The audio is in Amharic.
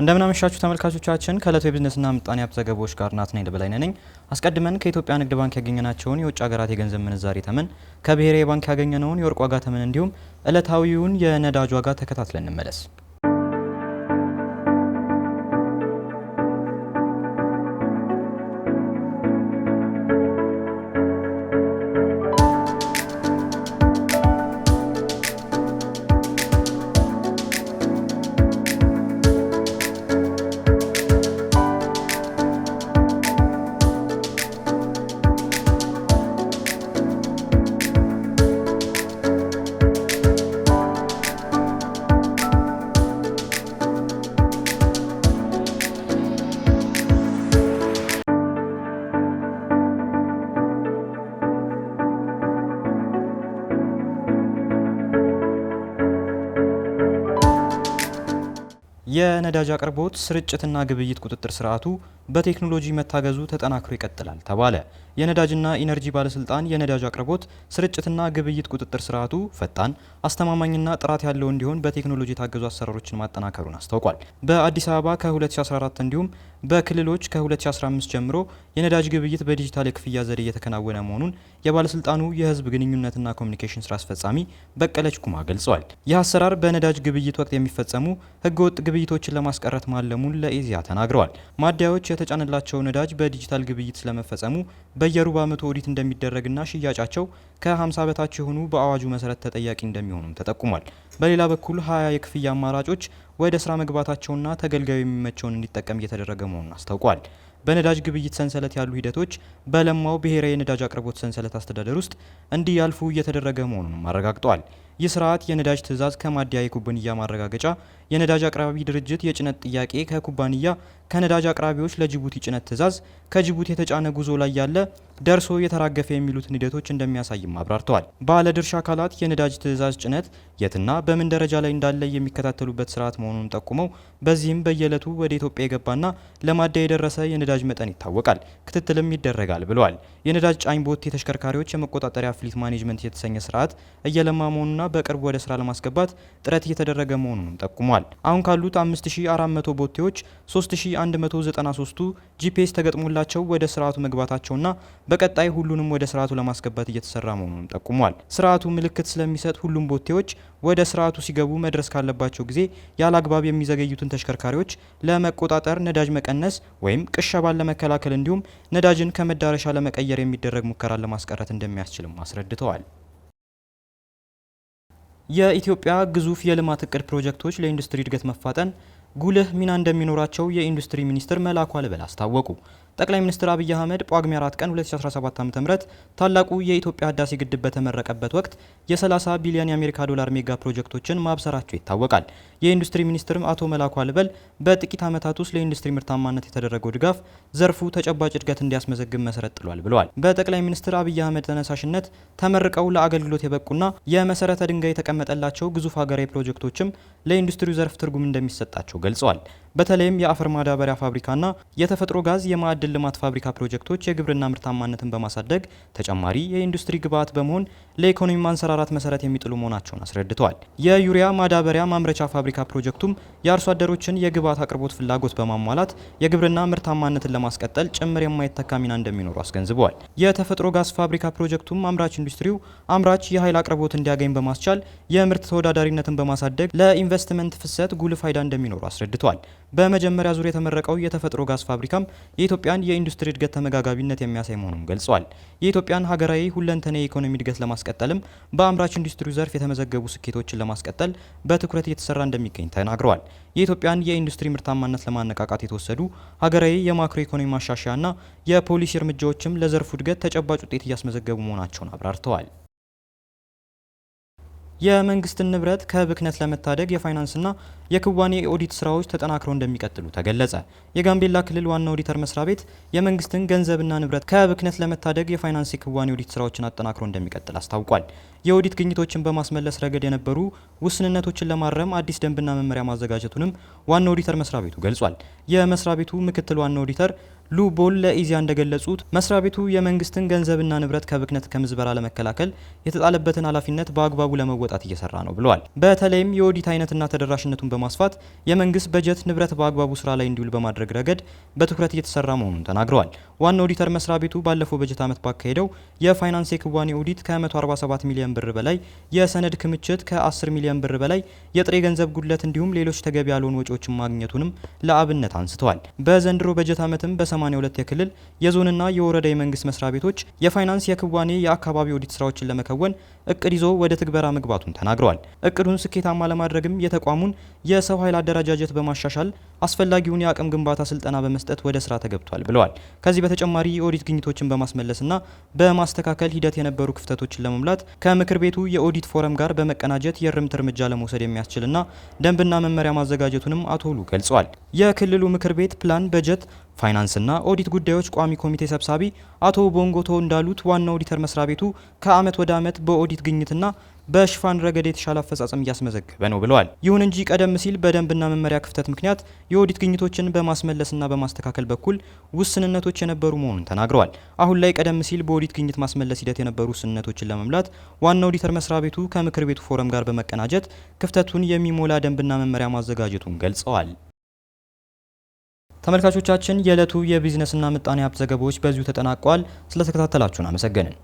እንደምናመሻችሁ ተመልካቾቻችን ከእለቱ የቢዝነስና ምጣኔ ሀብት ዘገባዎች ጋር ናትናኤል በላይነህ ነኝ። አስቀድመን ከኢትዮጵያ ንግድ ባንክ ያገኘናቸውን የውጭ ሀገራት የገንዘብ ምንዛሬ ተመን፣ ከብሔራዊ ባንክ ያገኘነውን የወርቅ ዋጋ ተመን እንዲሁም እለታዊውን የነዳጅ ዋጋ ተከታትለን እንመለስ። የነዳጅ አቅርቦት ስርጭትና ግብይት ቁጥጥር ስርዓቱ በቴክኖሎጂ መታገዙ ተጠናክሮ ይቀጥላል ተባለ። የነዳጅና ኢነርጂ ባለስልጣን የነዳጅ አቅርቦት ስርጭትና ግብይት ቁጥጥር ስርዓቱ ፈጣን፣ አስተማማኝና ጥራት ያለው እንዲሆን በቴክኖሎጂ የታገዙ አሰራሮችን ማጠናከሩን አስታውቋል። በአዲስ አበባ ከ2014 እንዲሁም በክልሎች ከ2015 ጀምሮ የነዳጅ ግብይት በዲጂታል የክፍያ ዘዴ እየተከናወነ መሆኑን የባለስልጣኑ የህዝብ ግንኙነትና ኮሚኒኬሽን ስራ አስፈጻሚ በቀለች ኩማ ገልጸዋል። ይህ አሰራር በነዳጅ ግብይት ወቅት የሚፈጸሙ ህገወጥ ግብይቶችን ለማስቀረት ማለሙን ለኢዜአ ተናግረዋል። ማደያዎች የተጫነላቸው ነዳጅ በዲጂታል ግብይት ስለመፈጸሙ በየሩብ ዓመቱ ኦዲት እንደሚደረግና ሽያጫቸው ከ50 በታች የሆኑ በአዋጁ መሰረት ተጠያቂ እንደሚሆኑም ተጠቁሟል። በሌላ በኩል 20 የክፍያ አማራጮች ወደ ስራ መግባታቸውና ተገልጋዩ የሚመቸውን እንዲጠቀም እየተደረገ መሆኑን አስታውቋል። በነዳጅ ግብይት ሰንሰለት ያሉ ሂደቶች በለማው ብሔራዊ የነዳጅ አቅርቦት ሰንሰለት አስተዳደር ውስጥ እንዲያልፉ እየተደረገ መሆኑንም አረጋግጧል። ይህ ስርዓት የነዳጅ ትዕዛዝ ከማደያ የኩባንያ ማረጋገጫ፣ የነዳጅ አቅራቢ ድርጅት የጭነት ጥያቄ ከኩባንያ፣ ከነዳጅ አቅራቢዎች ለጅቡቲ ጭነት ትዕዛዝ፣ ከጅቡቲ የተጫነ ጉዞ ላይ ያለ ደርሶ የተራገፈ የሚሉትን ሂደቶች እንደሚያሳይም አብራርተዋል። ባለድርሻ አካላት የነዳጅ ትዕዛዝ ጭነት የትና በምን ደረጃ ላይ እንዳለ የሚከታተሉበት ስርዓት መሆኑን ጠቁመው በዚህም በየዕለቱ ወደ ኢትዮጵያ የገባና ለማዳ የደረሰ የነዳጅ መጠን ይታወቃል፣ ክትትልም ይደረጋል ብለዋል። የነዳጅ ጫኝ ቦቴ ተሽከርካሪዎች የመቆጣጠሪያ ፍሊት ማኔጅመንት የተሰኘ ስርዓት እየለማ መሆኑና በቅርብ ወደ ስራ ለማስገባት ጥረት እየተደረገ መሆኑንም ጠቁሟል። አሁን ካሉት 5400 ቦቴዎች 3193ቱ ጂፒኤስ ተገጥሞላቸው ወደ ስርዓቱ መግባታቸውና በቀጣይ ሁሉንም ወደ ስርዓቱ ለማስገባት እየተሰራ መሆኑንም ጠቁሟል። ስርዓቱ ምልክት ስለሚሰጥ ሁሉም ቦቴዎች ወደ ስርዓቱ ሲገቡ መድረስ ካለባቸው ጊዜ ያለ አግባብ የሚዘገዩትን ተሽከርካሪዎች ለመቆጣጠር ነዳጅ መቀነስ ወይም ቅሸባን ለመከላከል እንዲሁም ነዳጅን ከመዳረሻ ለመቀየር የሚደረግ ሙከራን ለማስቀረት እንደሚያስችልም አስረድተዋል። የኢትዮጵያ ግዙፍ የልማት እቅድ ፕሮጀክቶች ለኢንዱስትሪ እድገት መፋጠን ጉልህ ሚና እንደሚኖራቸው የኢንዱስትሪ ሚኒስትር መላኩ አለበል አስታወቁ። ጠቅላይ ሚኒስትር አብይ አህመድ ጳጉሜ 4 ቀን 2017 ዓ.ም ታላቁ የኢትዮጵያ ህዳሴ ግድብ በተመረቀበት ወቅት የ30 ቢሊዮን የአሜሪካ ዶላር ሜጋ ፕሮጀክቶችን ማብሰራቸው ይታወቃል። የኢንዱስትሪ ሚኒስትር አቶ መላኩ አለበል በጥቂት ዓመታት ውስጥ ለኢንዱስትሪ ምርታማነት የተደረገው ድጋፍ ዘርፉ ተጨባጭ እድገት እንዲያስመዘግብ መሰረት ጥሏል ብለዋል። በጠቅላይ ሚኒስትር አብይ አህመድ ተነሳሽነት ተመርቀው ለአገልግሎት የበቁና የመሰረተ ድንጋይ የተቀመጠላቸው ግዙፍ ሀገራዊ ፕሮጀክቶችም ለኢንዱስትሪው ዘርፍ ትርጉም እንደሚሰጣቸው ገልጿል። በተለይም የአፈር ማዳበሪያ ፋብሪካና የተፈጥሮ ጋዝ የማዕድን ልማት ፋብሪካ ፕሮጀክቶች የግብርና ምርታማነትን በማሳደግ ተጨማሪ የኢንዱስትሪ ግብዓት በመሆን ለኢኮኖሚ ማንሰራራት መሰረት የሚጥሉ መሆናቸውን አስረድተዋል። የዩሪያ ማዳበሪያ ማምረቻ ፋብሪካ ፕሮጀክቱም የአርሶ አደሮችን የግብዓት አቅርቦት ፍላጎት በማሟላት የግብርና ምርታማነትን ለማስቀጠል ጭምር የማይተካ ሚና እንደሚኖሩ አስገንዝበዋል። የተፈጥሮ ጋዝ ፋብሪካ ፕሮጀክቱም አምራች ኢንዱስትሪው አምራች የኃይል አቅርቦት እንዲያገኝ በማስቻል የምርት ተወዳዳሪነትን በማሳደግ ለኢንቨስትመንት ፍሰት ጉልህ ፋይዳ እንደሚኖሩ አስረድተዋል። በመጀመሪያ ዙር የተመረቀው የተፈጥሮ ጋዝ ፋብሪካም የኢትዮጵያን የኢንዱስትሪ እድገት ተመጋጋቢነት የሚያሳይ መሆኑን ገልጿል። የኢትዮጵያን ሀገራዊ ሁለንተና የኢኮኖሚ እድገት ለማስቀጠልም በአምራች ኢንዱስትሪ ዘርፍ የተመዘገቡ ስኬቶችን ለማስቀጠል በትኩረት እየተሰራ እንደሚገኝ ተናግረዋል። የኢትዮጵያን የኢንዱስትሪ ምርታማነት ለማነቃቃት የተወሰዱ ሀገራዊ የማክሮ ኢኮኖሚ ማሻሻያና የፖሊሲ እርምጃዎችም ለዘርፉ እድገት ተጨባጭ ውጤት እያስመዘገቡ መሆናቸውን አብራርተዋል። የመንግስትን ንብረት ከብክነት ለመታደግ የፋይናንስና የክዋኔ የኦዲት ስራዎች ተጠናክረው እንደሚቀጥሉ ተገለጸ። የጋምቤላ ክልል ዋና ኦዲተር መስሪያ ቤት የመንግስትን ገንዘብና ንብረት ከብክነት ለመታደግ የፋይናንስ የክዋኔ ኦዲት ስራዎችን አጠናክሮ እንደሚቀጥል አስታውቋል። የኦዲት ግኝቶችን በማስመለስ ረገድ የነበሩ ውስንነቶችን ለማረም አዲስ ደንብና መመሪያ ማዘጋጀቱንም ዋና ኦዲተር መስሪያ ቤቱ ገልጿል። የመስሪያ ቤቱ ምክትል ዋና ኦዲተር ሉቦል ለኢዚያ እንደገለጹት መስሪያ ቤቱ የመንግስትን ገንዘብና ንብረት ከብክነት ከምዝበራ ለመከላከል የተጣለበትን ኃላፊነት በአግባቡ ለመወጣት እየሰራ ነው ብለዋል። በተለይም የኦዲት አይነትና ተደራሽነቱን በማስፋት የመንግስት በጀት ንብረት በአግባቡ ስራ ላይ እንዲውል በማድረግ ረገድ በትኩረት እየተሰራ መሆኑን ተናግረዋል። ዋና ኦዲተር መስሪያ ቤቱ ባለፈው በጀት ዓመት ባካሄደው የፋይናንስ የክዋኔ ኦዲት ከ147 ሚሊዮን ብር በላይ የሰነድ ክምችት፣ ከ10 ሚሊዮን ብር በላይ የጥሬ ገንዘብ ጉድለት እንዲሁም ሌሎች ተገቢ ያልሆኑ ወጪዎችን ማግኘቱንም ለአብነት አንስተዋል። በዘንድሮ በጀት ዓመትም በ82 የክልል የዞንና የወረዳ የመንግስት መስሪያ ቤቶች የፋይናንስ የክዋኔ የአካባቢ ኦዲት ስራዎችን ለመከወን እቅድ ይዞ ወደ ትግበራ መግባቱን ተናግረዋል። እቅዱን ስኬታማ ለማድረግም የተቋሙን የሰው ኃይል አደረጃጀት በማሻሻል አስፈላጊውን የአቅም ግንባታ ስልጠና በመስጠት ወደ ስራ ተገብቷል ብለዋል። ከዚህ በተጨማሪ የኦዲት ግኝቶችን በማስመለስና በማስተካከል ሂደት የነበሩ ክፍተቶችን ለመሙላት ከምክር ቤቱ የኦዲት ፎረም ጋር በመቀናጀት የእርምት እርምጃ ለመውሰድ የሚያስችልና ደንብና መመሪያ ማዘጋጀቱንም አቶ ሁሉ ገልጸዋል። የክልሉ ምክር ቤት ፕላን፣ በጀት ፋይናንስና ኦዲት ጉዳዮች ቋሚ ኮሚቴ ሰብሳቢ አቶ ቦንጎቶ እንዳሉት ዋና ኦዲተር መስሪያ ቤቱ ከአመት ወደ አመት በኦዲት ግኝትና በሽፋን ረገድ የተሻለ አፈጻጸም እያስመዘገበ ነው ብለዋል። ይሁን እንጂ ቀደም ሲል በደንብና መመሪያ ክፍተት ምክንያት የኦዲት ግኝቶችን በማስመለስና በማስተካከል በኩል ውስንነቶች የነበሩ መሆኑን ተናግረዋል። አሁን ላይ ቀደም ሲል በኦዲት ግኝት ማስመለስ ሂደት የነበሩ ውስንነቶችን ለመምላት ዋና ኦዲተር መስሪያ ቤቱ ከምክር ቤቱ ፎረም ጋር በመቀናጀት ክፍተቱን የሚሞላ ደንብና መመሪያ ማዘጋጀቱን ገልጸዋል። ተመልካቾቻችን የዕለቱ የቢዝነስና ምጣኔ ሀብት ዘገባዎች በዚሁ ተጠናቋል። ስለተከታተላችሁን አመሰገንን።